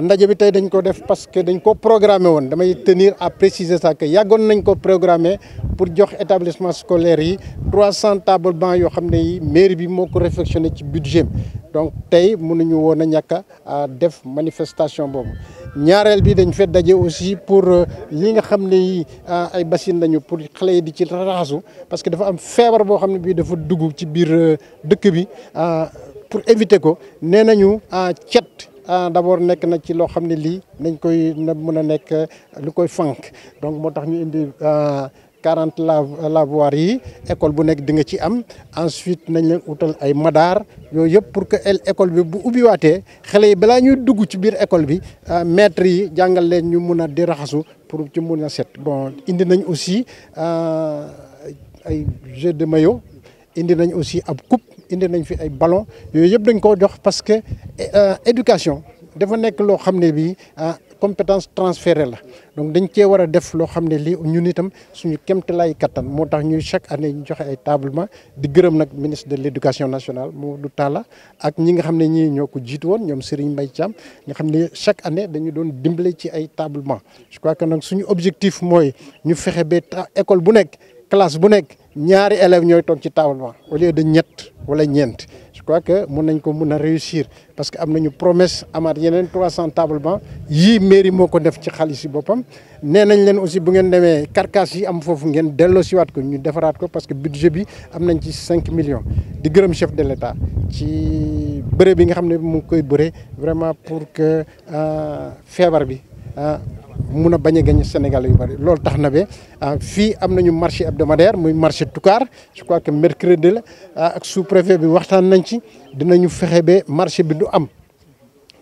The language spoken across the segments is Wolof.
ndaje bi tey dañ ko def parce que dañ ko programmé won damay tenir à préciser ça que yàggoon nañ ko programmé pour jox établissement scolaire yi 300 tables banc yo xamné ne yi mairie bi moko ko ci budget donc tay mënuñu woon a ñàkk def manifestation boobu ñaarel bi dañ fee dajé aussi pour euh, li nga xamné yi ay bassines lañu pour xalé di ci rasu parce que dafa am fièvre bo xamné bi dafa dugg ci bir deuk bi pour éviter ko nee à chat. Ah, d'abord nek na ci lo xamné li lii nañ koy mëna nek a nekk lu koy fànq donc motax ñu indi 40 ah, lavoiries yi école bu nek di nga ci am ensuite nañ leen outal ay madar yooyu yëpp pour que elle école bi bu ubbiwaatee xalé yi balaa ñuy dugg ci biir école bi ah, maître yi jàngal leen ñu mëna a di raxasu pour ci mëna set bon indi nañ aussi ay jeu de maillot indi nañ aussi ab coupe indi nañ fi ay ballon yooyu yëpp dañ ko jox parce que euh, éducation dafa nekk loo xam ne euh, compétence transférée la donc dañ ci wara def lo xamné li lii ñun itam suñu kéemtalaay lay moo motax ñuy chaque année ñu joxe ay tablement di gërëm nak ministre de l'éducation éducation nationale Mamadou Tala ak ñi nga xamné ñi ñii jitt won ñom Serigne Mbaye Cham nga xamné chaque année dañu doon dimblé ci ay tablement je crois que nak suñu objectif moy ñu fexé ba école bu nek classe bu nek ñaari élèves ñoy tok ci table ba au lieu de ñett wala ñent je crois que mën nañ ko mun a réussir parce que am nañu promesse amaat yenen 300 table ba yii mairie moko def ci xaalis bopam né nañ leen aussi bu ngeen démé carcasse yi am fofu ngeen ci wat ko ñu défarat ko parce que budget bi amnañ ci 5 millions di gërëm chef de l'État ci bëre bi nga xamné mu koy bëre vraiment pour que euh, feebar bi. Ah, mun a bañ a gañ Sénégal yu bari loolu taxna be fi ah, fii am marché hebdomadaire muy marché tukar je crois que mercredi la ah, ak sous préfet bi waxtaan nañ ci dinañu fexé be marché bi du am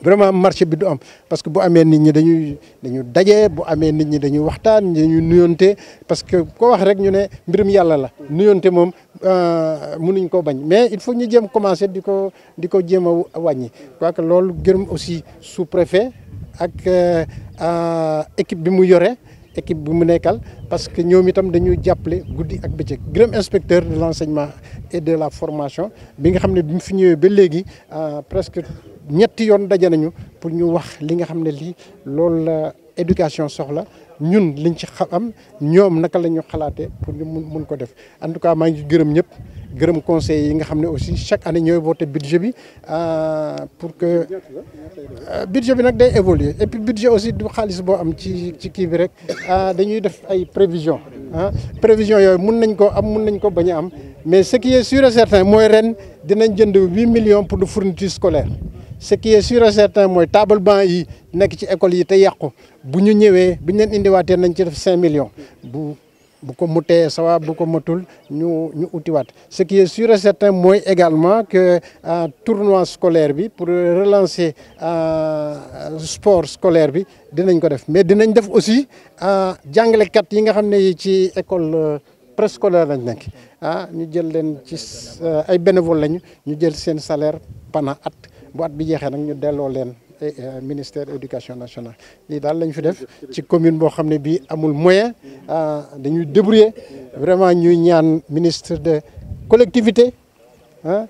vraiment marché bi du am parce que bu amé nit ñi dañuy dañuy dajé bu amé nit ñi dañuy waxtaan dañuy nuyonté parce que ko wax rek ñu né mbirum yalla la nuyonté mom euh mënuñ ko bañ mais il faut ñu jëm commencer diko diko di wañi jéem que lolou gërum aussi sous préfet ak euh, euh, équipe bi mu yore équipe bi mu nekkal parce que ñoom itam dañuy jàppale guddi ak bëccëg gërëm inspecteur de l'enseignement et de la formation bi nga xam ne bi mu fi ñëwee ba léegi euh, presque ñetti yoon daje nañu pour ñu wax li nga xamné li lool la éducation soxla ñun liñ ci xam ñoom naka la xalaté pour ñu mun ko def en tout cas ma ngi gërëm ñëpp gërëm conseil yi nga xamné aussi chaque année ñoy voté budget bi euh, pour que euh, budget bi nak day évoluer et puis budget aussi du xaliss bo am ci ci ki bi rek euh, dañuy def ay prévision hein prévision yoy mun nañ ko am mun nañ ko bañ am mais ce qui est sûr et certain moy ren dinañ jënd 8 millions pour de fourniture scolaire ce qui est sûr et certain moy table banc yi nek ci école yi te yàqu bu ñu ñëwé bu ñu indi indiwaatee nañ ci def cinq millions bu beaucoup muté ça va beaucoup ko matul ñu ñu utiwaat ce qui est sûr et certain mooy également que euh, tournoi scolaire bi pour relancer euh, sport scolaire bi dinañ ko def mais dinañ def aussi euh, kat yi nga xamné ci école préscolaire lañ nek ah ñu jël len ci ay bénévole lañ ñu jël sen salaire pendant at boîte bi jexé nak ñu delloo len ministère l'Éducation nationale Et dans nationale. fi def ci commune bo xamné bi amul moyen ah, dañuy débrouiller vraiment ñuy ñaan ministre de collectivité euh,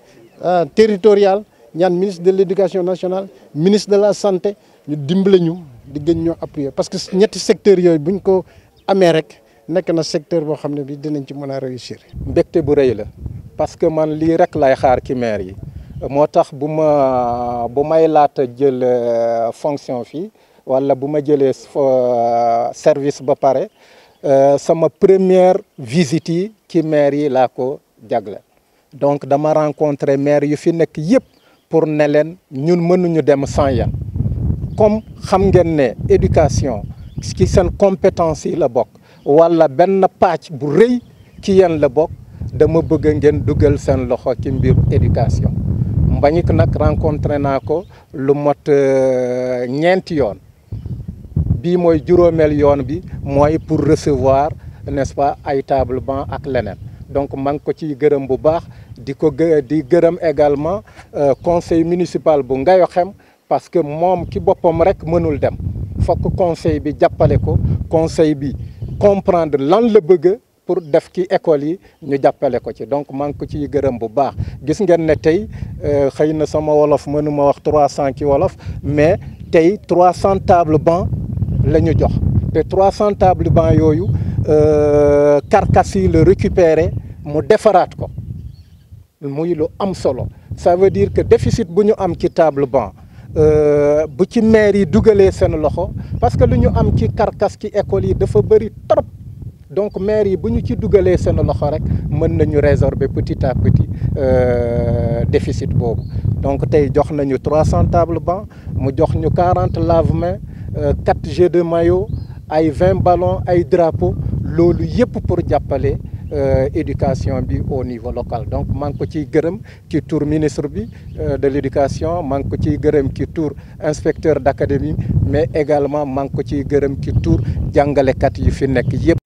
territoriale ñaan ministre de l'éducation nationale ministre de la santé ñu dimblé ñu di gën ñu appuyer parce que ñetti secteur yoy buñ ko amé rek nek na secteur bo xamné bi dinañ ci mëna réussir. Je bu très la parce que man li rek lay xaar ki maire yi motax buma bu ma may laata jël euh, fonction fi wala buma ma euh, service ba pare euh, sama première visite yi ci maire yi laa ko jagle donc dama rencontré maire yu fi nek yëpp pour ne leen ñun mënuñu dem sans ya comme xam ngeen né éducation ci sen compétence yi la bok wala ben patch bu reuy ci yéen la bok dama bëgg ngeen duggal sen loxo ci mbir éducation Mbagnick nak rencontré nako ko lu mot euh, ñent yoon bi moy juróomeel yoon bi moy pour recevoir n'est-ce pas ay table banc ak lenen donc mang ko ci gëreum bu baax di di gëreum également euh, conseil municipal bu xem parce que mom ki bopom rek mënul dem que conseil bi jappalé ko conseil bi comprendre lan le bëgg pour def ci école yi ñu jappelé ko ci donc man ko ci gërëm bu baax gis ngeen ne tay euh, xëy na sama wolof mënuma wax 300 wolof mais tay 300 table banc lañu jox té 300 table banc yooyu euh, carcasse yi le récupérer mu défarat ko muy lu am solo ça veut dire que déficit bu ñu am ci table banc euh, bu ci maire yi dugalé seen loxo parce que lu ñu am ci carcasse ci école yi dafa bëri trop donc maire yi buñu ci dugalee nous loxo rek mën nañu résorber petit à petit euh, déficit donc tay jox nañu 300 tables banc mu jox ñu 40 lave-mains 4 euh, jets de maillot ay 20 ballons ay drapeaux lolu yépp pour euh, éducation bi au niveau local donc man ko ci qui ci tour ministre bi euh, de l'éducation, man ko ci gërëm ci tour inspecteur d'académie, mais également man ko ci gërëm ci tour kat yi fi nek